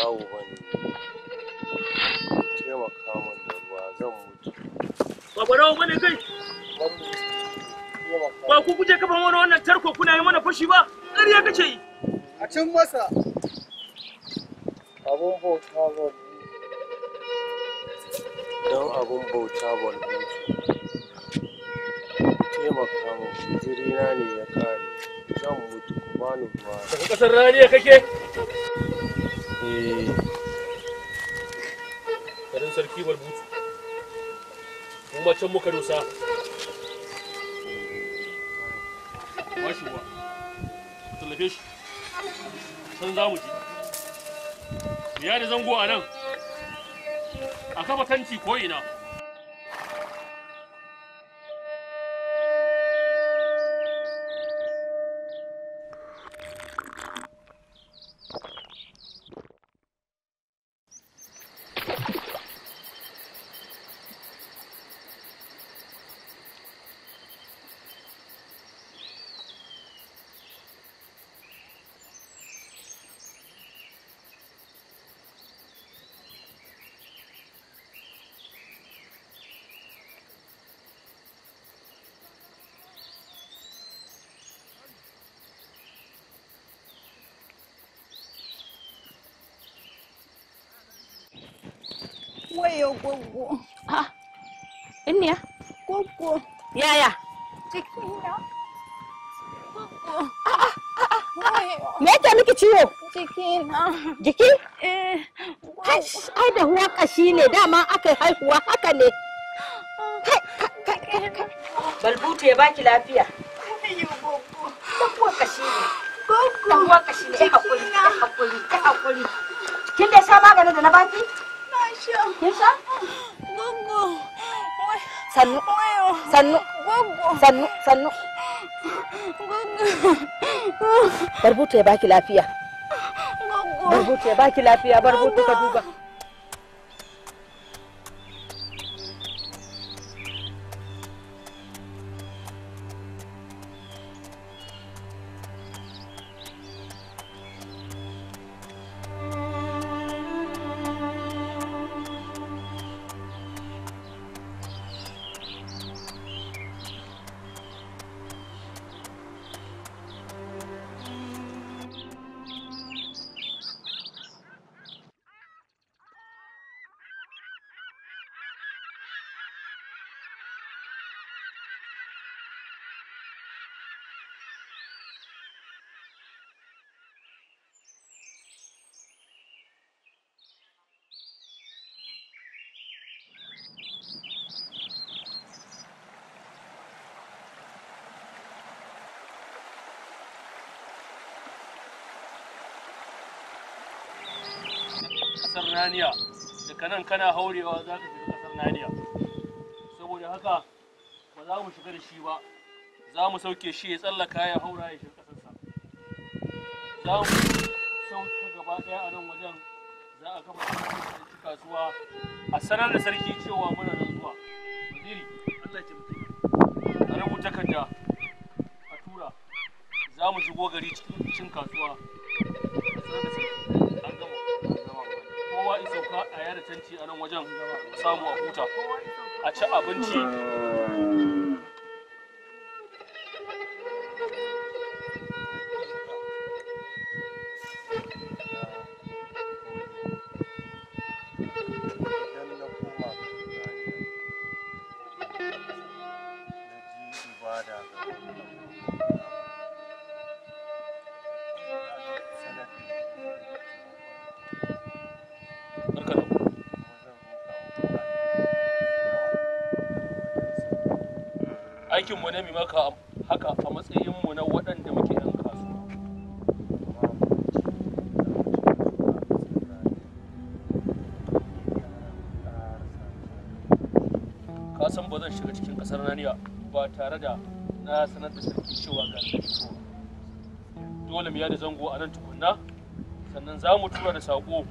barawo ba ne taimaka min da ruwa zan mutu ba barawo ba ne kai ba ku kuje kafa mana wannan tarko kuna yi mana fashi ba ƙarya kace yi a cin masa abun bauta ba don abun bauta ba taimaka min jirina ne ya kare zan mutu ku bani ruwa daga ƙasar rariya kake garin sarki balbutu mu ma can muka dosa ba shi kuwa shi san za mu ji ya da zango a nan a kafa tanti ko ina Waye gwaggo. Ah, inniya? Gwaggo. Yaya? Cikina. Gwaggo. Ah, ah, ah, ah, ah. Me miki ciwo? Jiki? Eh. Ai da huwa kashi ne dama aka haihuwa haka ne. Balbutu ya baki lafiya. Ayyo gwaggo. Gwaggo kashi ne. Gwaggo. Gwaggo kashi ne. Kin da sha maganin da na baki? Yasha? Sannu. Sannu. Sannu. Sannu. ya baki lafiya. ya baki lafiya. ka duba. Kasar naniya daga nan kana haurewa za ka shiga kasar naniya saboda haka ba za mu shiga da shi ba za mu sauke shi ya tsallaka ya haura ya shiga sa za mu sauke gaba ɗaya a nan wajen za a kafa kasuwa a sanar da sarki cewa muna nan zuwa waziri Allah ya mutu a rubuta takarda a tura za mu shigo gari cikin kasuwa a sanar kowa ya sauka a yada tanti a nan wajen samu a huta a ci abinci aikin mu ne maka haka a matsayin mu na waɗanda muke yan kasuwa ka san ba zan shiga cikin ƙasar naniya ba tare da na sanar da sarki cewa ga dole mu yada zango a nan tukunna sannan za mu tura da saƙo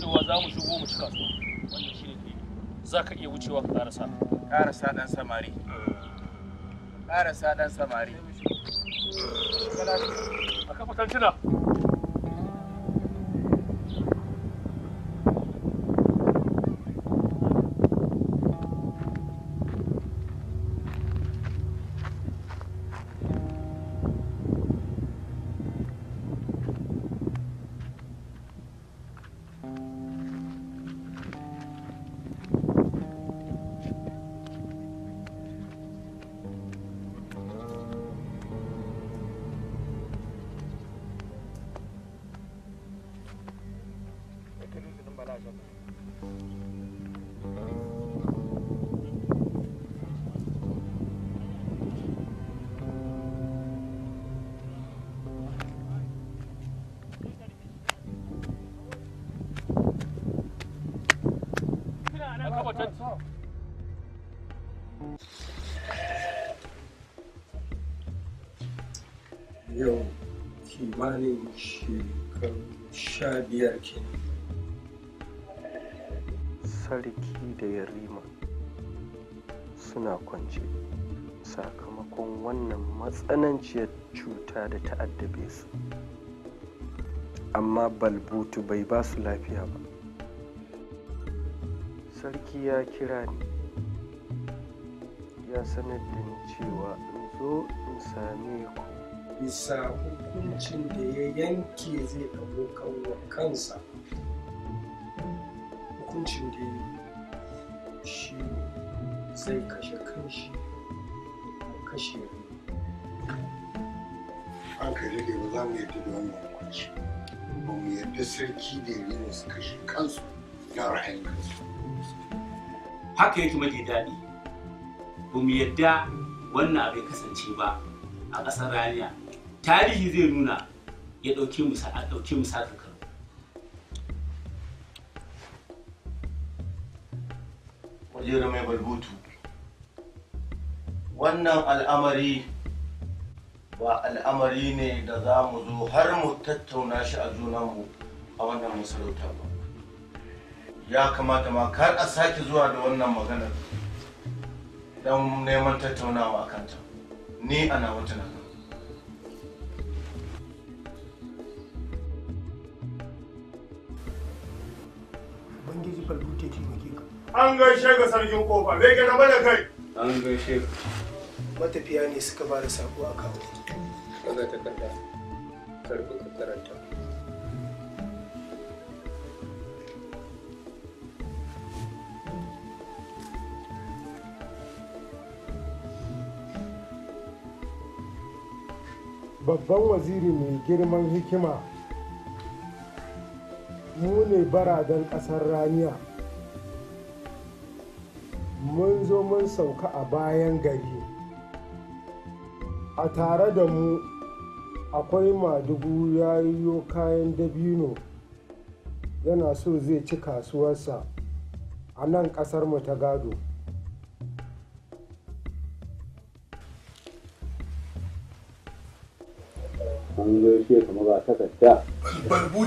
cewa za mu shigo mu ci kasuwa wannan shi ne za ka iya wucewa ka ƙarasa ƙarasa ɗan samari ƙarasa ɗan samari. A kafa ce sarki da yarima suna kwance sakamakon wannan matsananciyar cuta da ta addabe su amma balbutu bai ba su lafiya ba sarki ya kira ni ya sanar da ni cewa in zo in same ku bisa hukuncin da ya yanke zai ɗago kawo kansa hukuncin da ya shi zai kashe kanshi kashe an kai da ba za mu yadda da wani hukunci ba mu yadda sarki da ya su kashe kansu na rahayin kansu haka yake mafi daɗi ba mu yadda wannan abin kasance ba a ƙasar raniya tarihi zai nuna ya ɗauke mu a ɗauke mu saƙa karo wajera mai balbutu wannan al'amari ba al'amari ne da za mu zo har mu tattauna shi a junanmu a wannan masarauta ba ya kamata ma kar a sake zuwa da wannan maganar don neman tattaunawa a kanta ni ana wata nan an gaishe ga sarkin kofa bai ke gaba da kai an gaishe matafiya ne suka ba da sako a kawo wanda takarda karbi ka karanta babban waziri mai girman hikima mu ne baradan ƙasar raniya mun zo mun sauka a bayan gari a tare da mu akwai madugu ya yiwo kayan dabino yana so zai ci kasuwarsa a nan ƙasarmu ta gado ce ba ta mu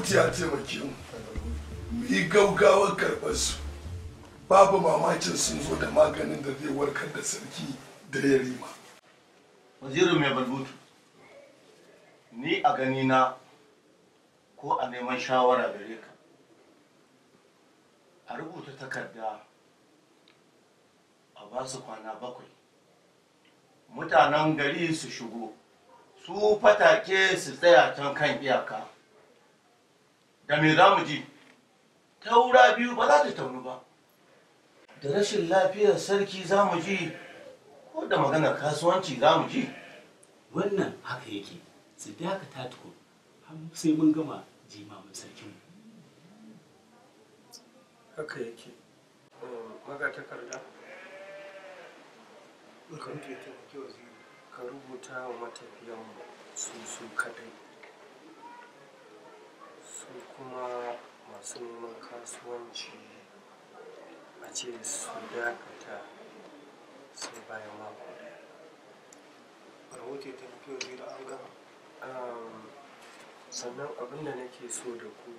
yi gaugawa karɓar babu mamakin sun zo da maganin da zai warkar da sarki da ya rima wazirin mai balbutu ni a ganina ko a neman shawara gare ka a rubuta takarda a ba su kwana bakwai mutanen gari su shigo su fatake su tsaya can kan iyaka da me za mu ji taura biyu ba za ta taunu ba da rashin lafiyar sarki za mu ji ko da magana kasuwanci za mu ji wannan haka yake su dakata tuku sai mun gama jimamin sarkin haka yake maga takarda ka ke taimaki waziri ka rubuta wa matafiyanmu su su kadai su kuma masu neman kasuwanci a ce su dakata sai bayan mako daya rahoto ta nufi wajen da an gama sannan abin da nake so da ku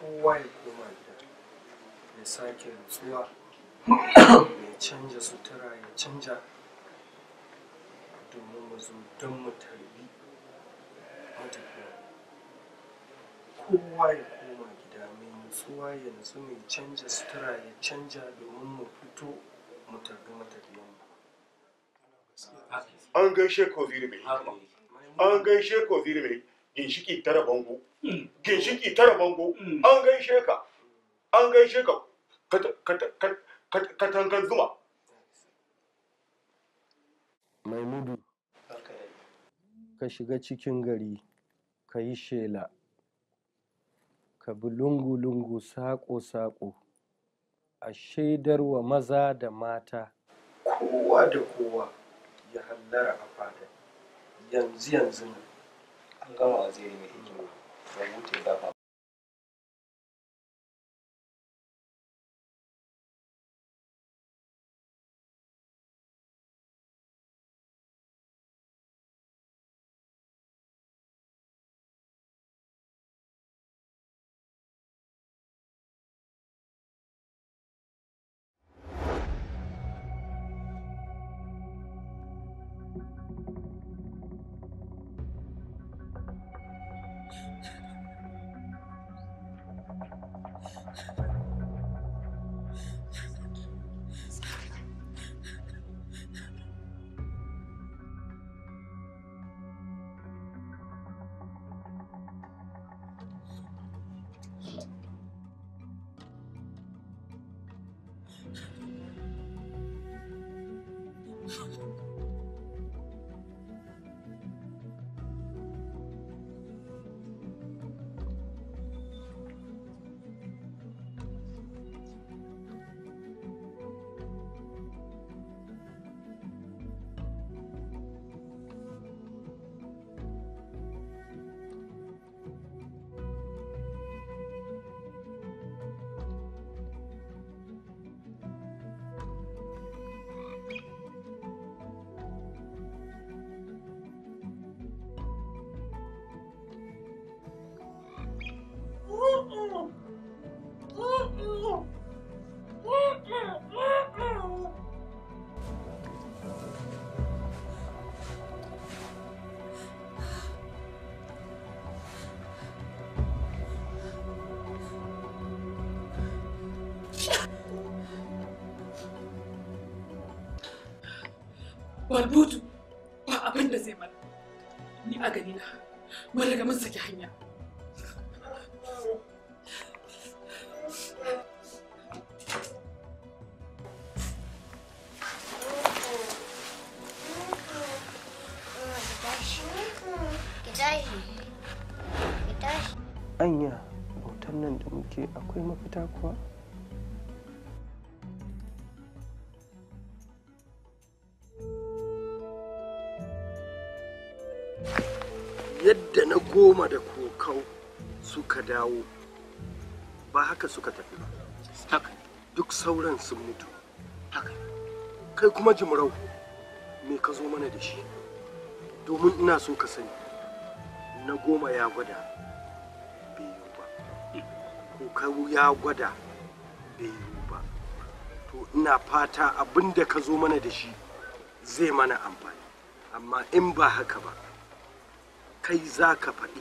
kowa ya koma gida ya sake rutsuwa ya canja sutura ya canja domin mu don mu tarbi matafiya kowa ya koma gida mai nutsuwa yanzu, mai canja sutura ya canja domin mu fito mu tafi matafiyan an gaishe ko ziri mai an gaishe ko ziri mai ginshiki tara bango hmm. ginshiki tara bango hmm. an gaishe ka an gaishe ka katangan zuma mai mudu ka shiga cikin gari ka yi shela ka bi lungu-lungu saƙo-saƙo a shaidar wa maza da mata kowa da kowa ya hallara a fada yanzu yanzu an gama aziri mai hikima ya wuce gafa Pas yadda na goma da kokau suka dawo ba haka suka tafi ba haka duk sauran sun mutu haka kai kuma jimrau me ka zo mana da shi domin ina so ka sani na goma ya gwada bai yiwu ba kokau ya gwada bai yiwu ba to ina fata abin da ka zo mana da shi zai mana amfani amma in ba haka ba kai za ka faɗi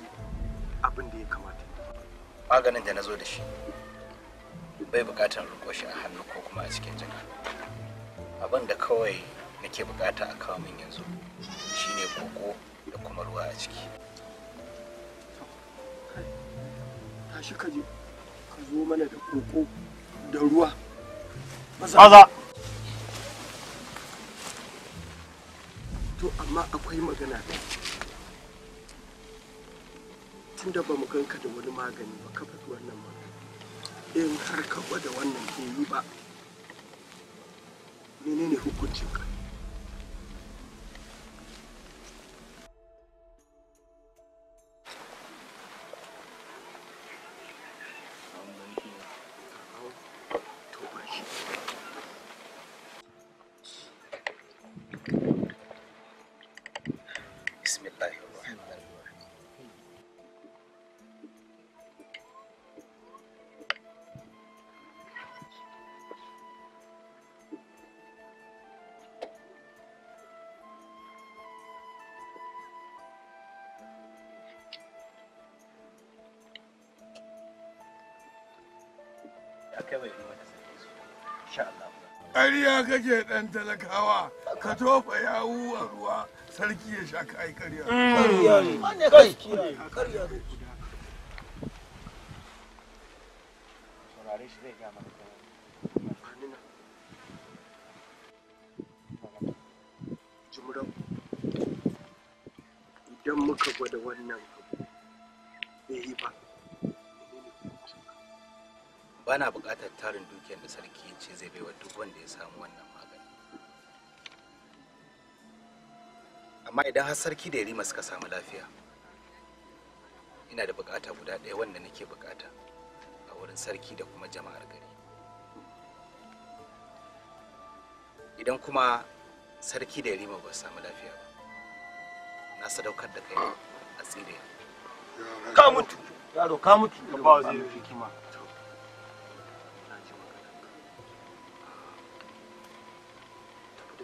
abin da ya kamata maganin da na zo da shi bai buƙatar roƙo shi a hannu ko kuma a cikin jaka abin da kawai nake buƙata a kawo min yanzu shine koko da kuma ruwa a ciki tashi ka je ka zo mana da koko da ruwa maza to amma akwai magana ɗaya da ba mu ganka da wani magani ba ka faɗi wannan magani in har ka gwada wannan bai yi ba menene hukuncinka kawai kake ɗan talakawa ka tofa yawu ruwa sarki ya sha mm. kai kariya kariya ne kariya ne Bana buƙatar tarin dukiyar da sarki ce zai baiwa duk wanda ya samu wannan magani amma idan har sarki da yarima suka samu lafiya ina da buƙata guda ɗaya wanda nake buƙata a wurin sarki da kuma jama'ar gari idan kuma sarki da yarima ba samu lafiya ba na sadaukar da kai a tsire ka mutu yaro ka mutu ba wa zai hikima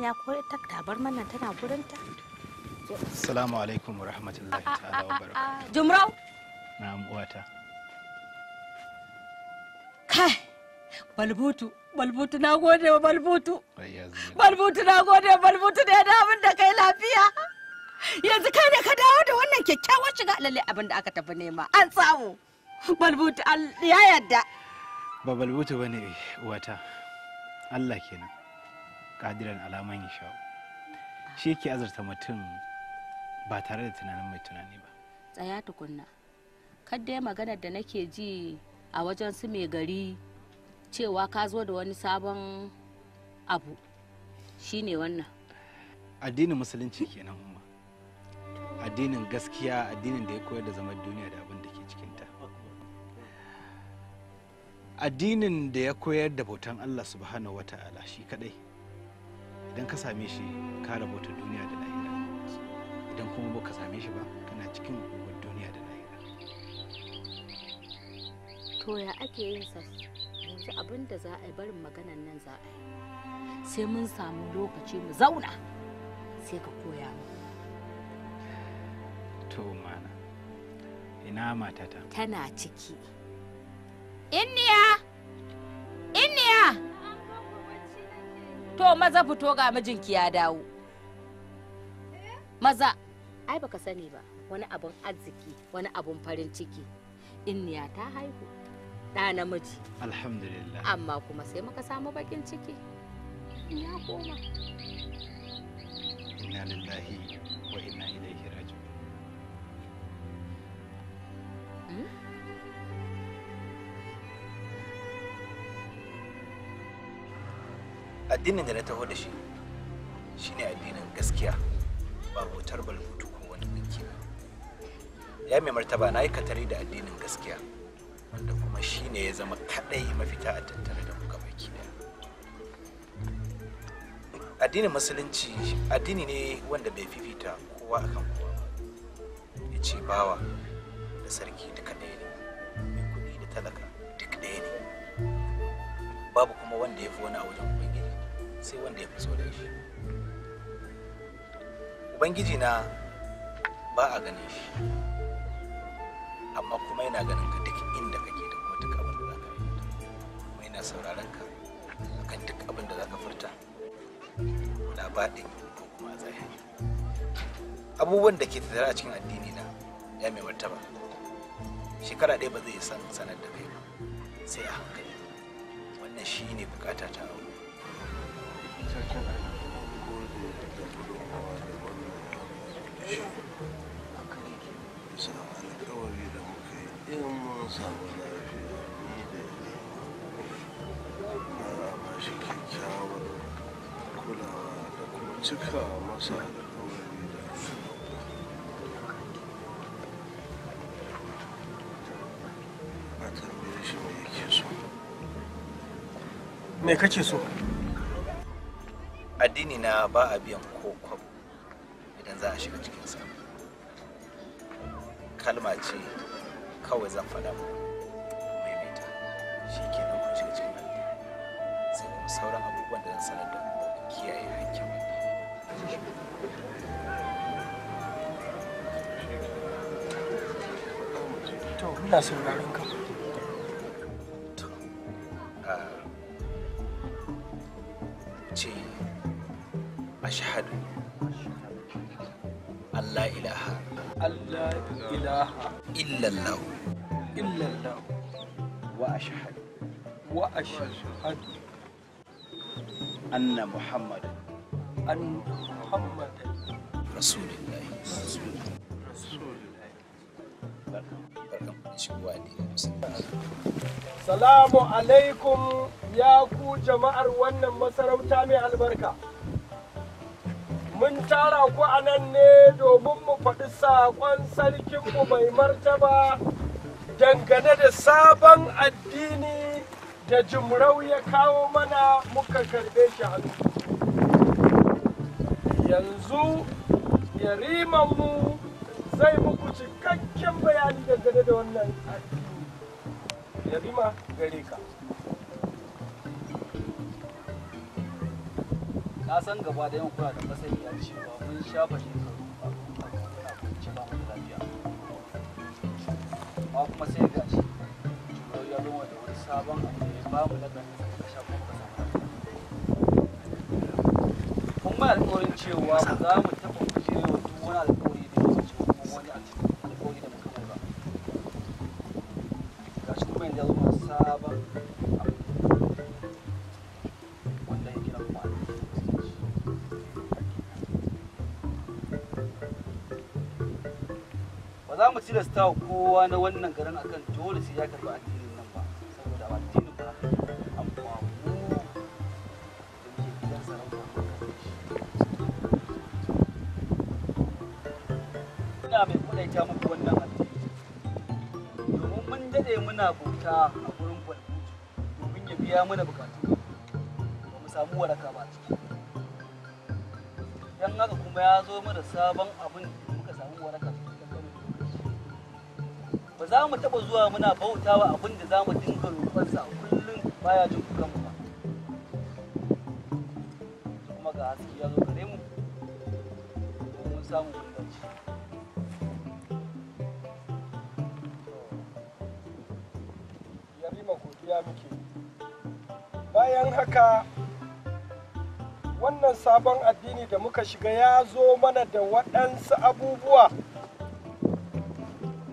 ya kore ta tabar mana tana gurinta Assalamu alaikum wa rahmatullahi ah, ah, ta'ala wa ah, barakatuh. Jumrau. Na'am uwata. Kai. Balbutu, balbutu na gode wa balbutu. Balbutu na gode wa balbutu da ya damun da kai lafiya. Yanzu kai ne ka dawo da wannan kyakkyawar shiga lalle abin da aka tafi nema. An samu. Balbutu ya yadda. Ba balbutu bane uwata. Allah kenan. Kadiran alaman yasha'u. Shi ke azurta mutum ba tare da tunanin mai tunani ba tsaya tukunna kadai maganar da nake ji a wajen su mai gari cewa ka zo da wani sabon abu shine wannan addinin musulunci kenan umma addinin gaskiya addinin da ya koyar da zaman duniya da abin da ke cikinta addinin da ya koyar da bautan allah subhanahu wata'ala shi kadai idan ka same shi ka rabota duniya da lafiya kuma ba ka same shi ba kana cikin duniya da lahira to ya ake yin sa yanzu abin da za a yi barin maganan nan za a yi sai mun samu lokaci mu zauna sai ka koya mu to mana ina matata tana ciki inniya inniya to maza fito ga mijinki ya dawo maza ai baka sani ba wani abun arziki wani abun farin ciki inniya ta haihu ɗa namiji alhamdulillah amma kuma sai muka samu bakin ciki ya koma inna lillahi wa inna ilaihi raji'un hmm? addinin da na taho da shi shine addinin gaskiya babu bautar balbutu ya mai martaba na yi da addinin gaskiya wanda kuma shi ne ya zama kadai mafita a tattare da kuka baki addinin musulunci addini ne wanda bai fifita kowa akan kowa ba ya ce bawa da sarki duka ɗaya ne mai kuɗi da talaka duk ɗaya ne babu kuma wanda ya fi wani a wajen ubangiji sai wanda ya fi so da shi ubangiji na ba a ganin shi amma kuma yana ganin ka duk inda kake da kuma duk abin da za ka yi kuma yana sauraron ka akan duk abin da za ka furta na baɗin ko kuma zahiri abubuwan da ke tattara a cikin addini na ya mai martaba shekara ɗaya ba zai san sanar da kai ba sai a hankali wannan shi ne bukata ta aure Thank you. bisa alkawari da muka yi in mun samu lafiya ni da ni na ba kyakkyawar kulawa da kuma cika masa alkawari da a tambaye shi me yake so me kake so addini na ba a biyan ko idan za a shiga cikinsa kalma ce kawai zan faɗa mu mita shi ke nan kun shiga cikin halin sai kuma sauran abubuwan da zan sanar da ku kiyaye hakkin to ina sauraron ka ce ashhadu Allah ilaha Allah ilaha illallah illallah wa ashhad wa ashhad anna muhammad an muhammad rasulullah Salamu alaikum ya ku jama'ar wannan masarauta mai albarka. mun tara ku a nan ne domin mu faɗi saƙon sarkinmu mai martaba dangane da sabon addini da jimrau ya kawo mana muka karɓe shi hannu yanzu yarimanmu zai muku cikakken bayani dangane da wannan addini yarima gare ka na san gaba da yan kuna da matsayi a cewa mun shafa shekaru a kuna kwanci ba mu lafiya ba kuma sai ga shi cutar ya zama da wani sabon abu ne ba mu lakarin da shafa ba samu lafiya kun ma alƙawarin cewa za mu tilasta kowa na wannan garin akan dole sai ya karɓi addinin nan ba saboda ba addinin ba amma mu da gidan sarauta ina mai kudaita muku wannan addini domin mun daɗe muna bauta a gurin gwalbutu domin ya biya mana bukatu ba mu samu waraka ba ciki dan haka kuma ya zo mana sabon abin ba za mu taɓa zuwa muna bautawa abin da za mu dinga roƙonsa kullum baya jin kukanmu ba kuma ga haske ya zo gare mu mun samu yarima godiya muke bayan haka wannan sabon addini da muka shiga ya zo mana da waɗansu abubuwa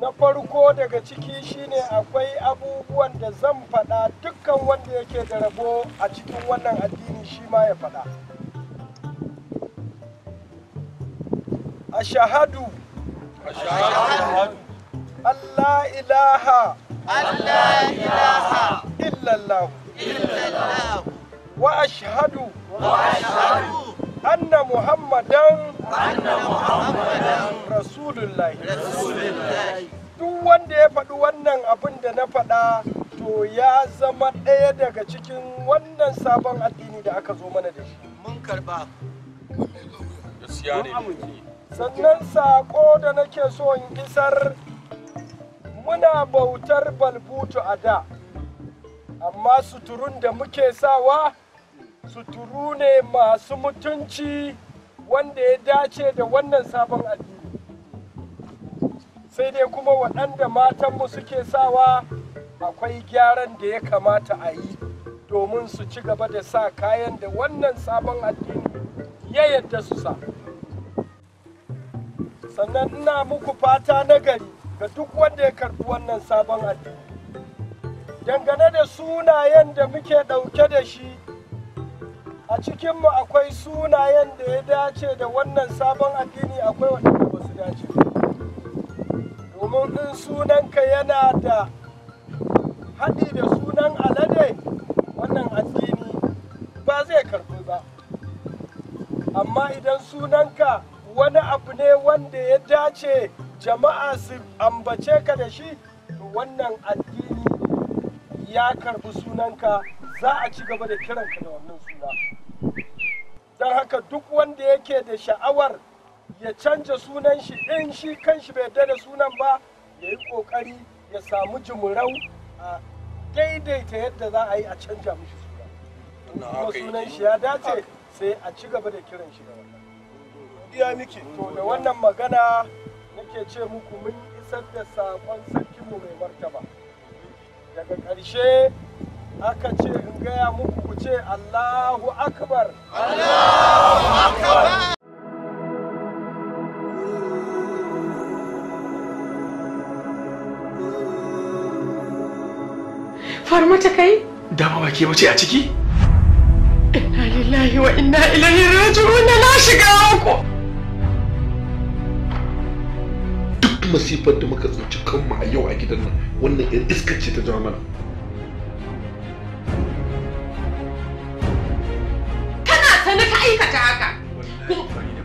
na farko daga ciki shine akwai abubuwan da zan faɗa dukkan wanda yake da rabo a cikin wannan addini shi ma ya faɗa ashahadu Allah ilaha Allah ilaha illallah illallah wa ashahadu wa ashhadu anna muhammadan anna muhammadan rasulullahi rasulullahi duk wanda ya faɗi wannan abin da na faɗa to ya zama ɗaya daga cikin wannan sabon addini da aka zo mana da shi mun karɓa sannan saƙo da nake so in isar muna bautar balbutu a da amma suturun da muke sawa suturu ne masu mutunci wanda ya dace da wannan sabon addini sai dai kuma waɗanda matanmu suke sawa akwai gyaran da ya kamata a yi domin su ci gaba da sa kayan da wannan sabon addini ya yadda su sa sannan ina muku fata na gari ga duk wanda ya karbi wannan sabon addini dangane da sunayen da muke ɗauke da shi a cikinmu akwai sunayen da ya dace da wannan sabon addini akwai waɗanda kuma in sunanka yana da haɗi da sunan alade wannan addini ba zai karɓi ba amma idan sunanka wani abu ne wanda ya dace jama'a su ambace ka da shi wannan addini ya karɓi sunanka za a ci gaba da kiranka da wannan suna don haka duk wanda yake da sha'awar ya canja sunan shi in shi kan shi bai yarda sunan ba ya yi kokari ya samu jimurau a daidaita yadda za a yi a canja mishi suna sunan shi ya dace sai a ci gaba da kiran shi da miki to da wannan magana nake ce muku mun isar da sakon mu mai martaba daga ƙarshe aka ce in gaya muku ku ce Allahu Akbar Allahu Akbar faru mata kai? Dama ba ke wace a ciki? Inna lillahi wa inna ilaihi raji'un na shiga uku. Duk masifar da muka tsinci kanmu a yau a gidan nan wannan yan iskar ce ta jawo mana. Kana sani ka aikata haka?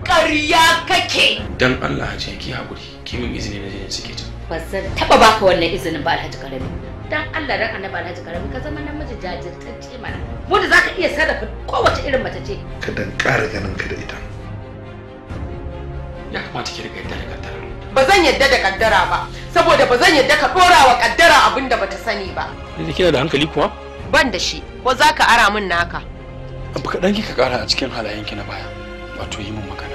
Ƙarya kake. Dan Allah ce ki haƙuri, ki min izini na jinin suke can. Ba zan taɓa baka wannan izinin ba Alhaji Karami. dan Allah dan annabi na ji karami ka zama namiji jajirtacce mana wanda zaka iya sarrafa kowace irin mace ce ka dan ƙara ganin ka da ita ya kamata ki riga yadda da kaddara ba zan yadda da kaddara ba saboda ba zan yadda ka dora wa kaddara abin da bata sani ba ni kina da hankali kuwa ban da shi ko zaka ara min naka abu ki ka ƙara a cikin halayenki na baya wato yi min magana